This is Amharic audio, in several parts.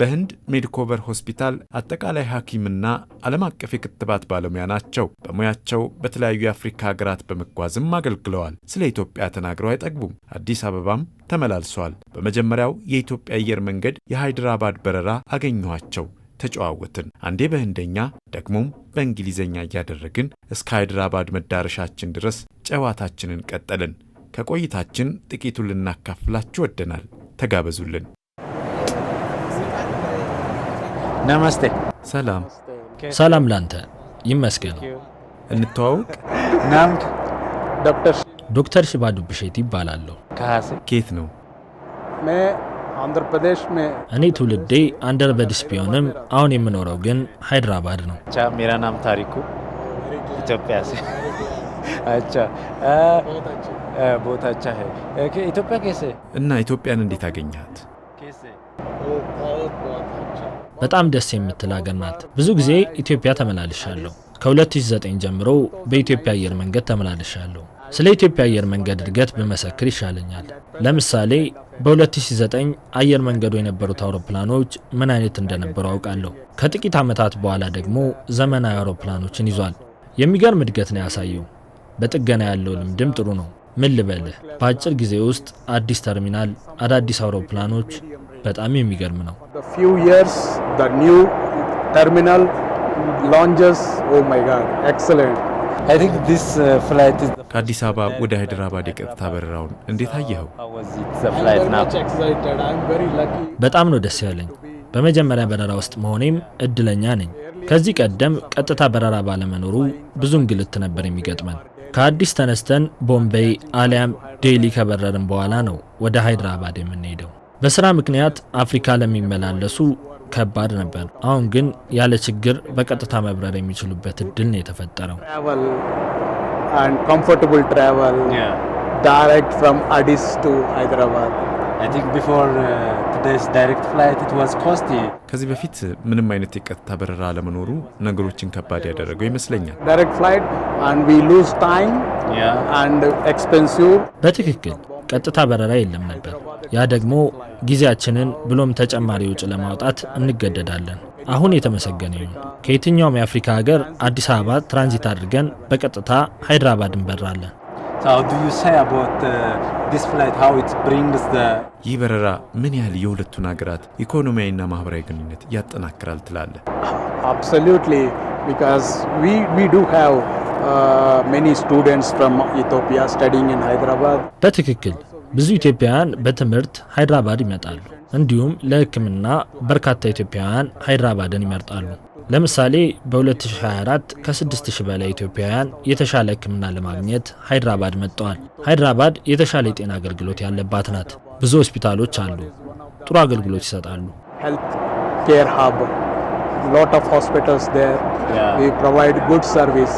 በህንድ ሜድኮቨር ሆስፒታል አጠቃላይ ሐኪምና ዓለም አቀፍ የክትባት ባለሙያ ናቸው። በሙያቸው በተለያዩ የአፍሪካ ሀገራት በመጓዝም አገልግለዋል። ስለ ኢትዮጵያ ተናግረው አይጠግቡም። አዲስ አበባም ተመላልሰዋል። በመጀመሪያው የኢትዮጵያ አየር መንገድ የሃይድራባድ በረራ አገኘኋቸው። ተጨዋወትን። አንዴ በህንደኛ ደግሞም በእንግሊዝኛ እያደረግን እስከ ሃይድራባድ መዳረሻችን ድረስ ጨዋታችንን ቀጠልን። ከቆይታችን ጥቂቱን ልናካፍላችሁ ወደናል። ተጋበዙልን። ነመስቴ። ሰላም ሰላም ላንተ ይመስገን። እንተዋውቅ። ናምክ ዶክተር ሽባዱ ብሼት ይባላለሁ። ኬት ነው? እኔ ትውልዴ አንደር በዲስ ቢሆንም አሁን የምኖረው ግን ሃይድራባድ ነው። ሜራናም ታሪኩ ኢትዮጵያ ቦታቻ እና ኢትዮጵያን እንዴት አገኘሃት? በጣም ደስ የምትል ሀገር ናት። ብዙ ጊዜ ኢትዮጵያ ተመላልሻለሁ። ከ2009 ጀምሮ በኢትዮጵያ አየር መንገድ ተመላልሻለሁ። ስለ ኢትዮጵያ አየር መንገድ እድገት ብመሰክር ይሻለኛል። ለምሳሌ በ2009 አየር መንገዱ የነበሩት አውሮፕላኖች ምን አይነት እንደነበሩ አውቃለሁ። ከጥቂት ዓመታት በኋላ ደግሞ ዘመናዊ አውሮፕላኖችን ይዟል። የሚገርም እድገት ነው ያሳየው። በጥገና ያለው ልምድም ጥሩ ነው። ምን ልበልህ፣ በአጭር ጊዜ ውስጥ አዲስ ተርሚናል፣ አዳዲስ አውሮፕላኖች በጣም የሚገርም ነው። oh uh, ከአዲስ አበባ ወደ ሃይደራባድ የቀጥታ በረራውን እንዴት አየኸው? በጣም ነው ደስ ያለኝ። በመጀመሪያ በረራ ውስጥ መሆኔም እድለኛ ነኝ። ከዚህ ቀደም ቀጥታ በረራ ባለመኖሩ ብዙ እንግልት ነበር የሚገጥመን። ከአዲስ ተነስተን ቦምቤይ አሊያም ዴሊ ከበረርን በኋላ ነው ወደ ሃይድራባድ የምንሄደው። በስራ ምክንያት አፍሪካ ለሚመላለሱ ከባድ ነበር። አሁን ግን ያለ ችግር በቀጥታ መብረር የሚችሉበት እድል ነው የተፈጠረው። uh, ከዚህ በፊት ምንም አይነት የቀጥታ በረራ አለመኖሩ ነገሮችን ከባድ ያደረገው ይመስለኛል። በትክክል ቀጥታ በረራ የለም ነበር። ያ ደግሞ ጊዜያችንን ብሎም ተጨማሪ ውጭ ለማውጣት እንገደዳለን። አሁን የተመሰገነ ይሁን ከየትኛውም የአፍሪካ ሀገር አዲስ አበባ ትራንዚት አድርገን በቀጥታ ሃይድራባድ እንበራለን። uh, ይህ በረራ ምን ያህል የሁለቱን ሀገራት ኢኮኖሚያዊና ማህበራዊ ግንኙነት ያጠናክራል ትላለህ? Uh, በትክክል ብዙ ኢትዮጵያውያን በትምህርት ሃይድራባድ ይመጣሉ። እንዲሁም ለሕክምና በርካታ ኢትዮጵያውያን ሃይድራባድን ይመርጣሉ። ለምሳሌ በ2024 ከ6000 በላይ ኢትዮጵያውያን የተሻለ ሕክምና ለማግኘት ሃይድራባድ መጥተዋል። ሃይድራባድ የተሻለ የጤና አገልግሎት ያለባት ናት። ብዙ ሆስፒታሎች አሉ፣ ጥሩ አገልግሎት ይሰጣሉ። ኬር ሎት ኦፍ ሆስፒታልስ ፕሮቫይድ ጉድ ሰርቪስ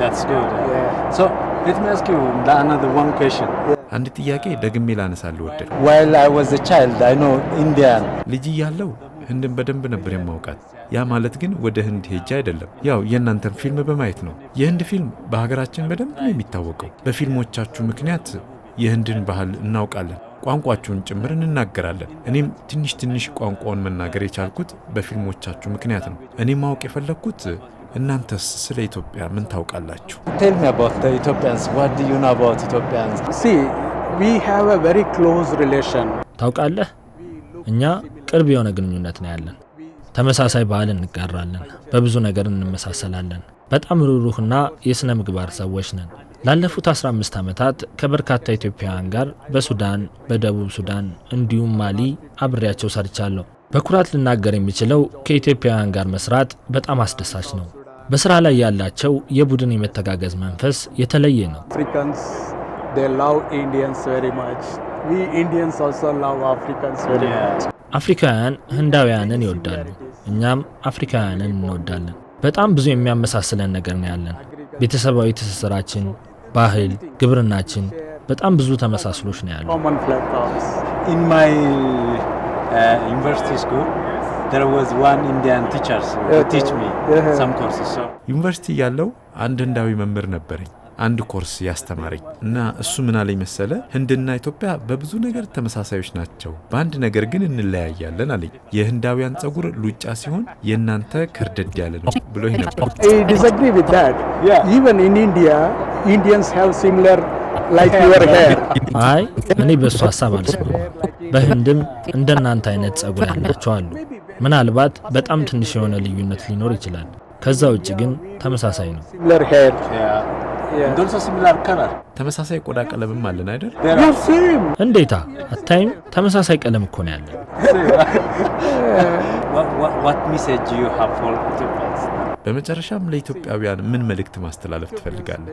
That's good. Yeah. So, let me ask you another one question. አንድ ጥያቄ ደግሜ ላነሳልህ ወደድኩ። While I was a child, I know India. ልጅ እያለሁ ህንድን በደንብ ነበር የማውቃት። ያ ማለት ግን ወደ ህንድ ሄጄ አይደለም፣ ያው የእናንተን ፊልም በማየት ነው። የህንድ ፊልም በሀገራችን በደንብ ነው የሚታወቀው። በፊልሞቻችሁ ምክንያት የህንድን ባህል እናውቃለን ቋንቋችሁን ጭምር እንናገራለን። እኔም ትንሽ ትንሽ ቋንቋውን መናገር የቻልኩት በፊልሞቻችሁ ምክንያት ነው። እኔ ማወቅ የፈለግኩት እናንተስ ስለ ኢትዮጵያ ምን ታውቃላችሁ? ታውቃለህ፣ እኛ ቅርብ የሆነ ግንኙነት ነው ያለን። ተመሳሳይ ባህል እንጋራለን፣ በብዙ ነገር እንመሳሰላለን። በጣም ሩሩህና የሥነ ምግባር ሰዎች ነን። ላለፉት 15 ዓመታት ከበርካታ ኢትዮጵያውያን ጋር በሱዳን፣ በደቡብ ሱዳን እንዲሁም ማሊ አብሬያቸው ሰርቻለሁ። በኩራት ልናገር የሚችለው ከኢትዮጵያውያን ጋር መስራት በጣም አስደሳች ነው። በስራ ላይ ያላቸው የቡድን የመተጋገዝ መንፈስ የተለየ ነው። አፍሪካውያን ህንዳውያንን ይወዳሉ፣ እኛም አፍሪካውያንን እንወዳለን። በጣም ብዙ የሚያመሳስለን ነገር ነው ያለን። ቤተሰባዊ ትስስራችን፣ ባህል፣ ግብርናችን በጣም ብዙ ተመሳስሎች ነው ያሉ። ዩኒቨርሲቲ ያለው አንድ ህንዳዊ መምህር ነበረኝ አንድ ኮርስ ያስተማረኝ እና እሱ ምን አለኝ መሰለ፣ ህንድና ኢትዮጵያ በብዙ ነገር ተመሳሳዮች ናቸው፣ በአንድ ነገር ግን እንለያያለን አለኝ። የህንዳውያን ጸጉር ሉጫ ሲሆን የእናንተ ክርደድ ያለ ነው ብሎ ነበር። አይ እኔ በእሱ ሀሳብ አልስማማ። በህንድም እንደናንተ አይነት ጸጉር ያላቸው አሉ። ምናልባት በጣም ትንሽ የሆነ ልዩነት ሊኖር ይችላል። ከዛ ውጭ ግን ተመሳሳይ ነው። ተመሳሳይ ቆዳ ቀለምም አለን አይደል? እንዴታ አታይም? ተመሳሳይ ቀለም እኮ ነው ያለን። በመጨረሻም ለኢትዮጵያውያን ምን መልእክት ማስተላለፍ ትፈልጋለህ?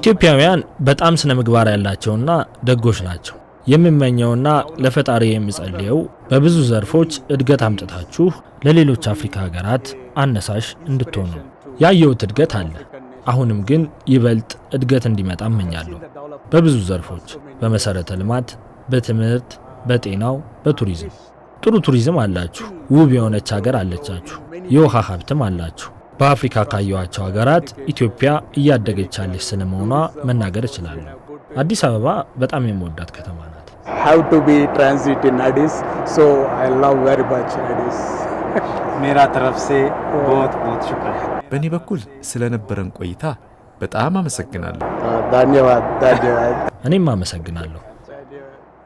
ኢትዮጵያውያን በጣም ስነ ምግባር ያላቸውና ደጎች ናቸው። የምመኘውና ለፈጣሪ የምጸልየው በብዙ ዘርፎች እድገት አምጥታችሁ ለሌሎች አፍሪካ ሀገራት አነሳሽ እንድትሆኑ። ያየሁት እድገት አለ። አሁንም ግን ይበልጥ እድገት እንዲመጣ እመኛለሁ። በብዙ ዘርፎች፣ በመሰረተ ልማት፣ በትምህርት፣ በጤናው፣ በቱሪዝም። ጥሩ ቱሪዝም አላችሁ፣ ውብ የሆነች ሀገር አለቻችሁ፣ የውሃ ሀብትም አላችሁ። በአፍሪካ ካየኋቸው ሀገራት ኢትዮጵያ እያደገች ያለች ስለመሆኗ መናገር እችላለሁ። አዲስ አበባ በጣም የምወዳት ከተማ ናት። ሜራ ተረፍሴ ቦት ቦት ሽኩር። በእኔ በኩል ስለነበረን ቆይታ በጣም አመሰግናለሁ። ዳኔዋ ዳኔዋ እኔም አመሰግናለሁ።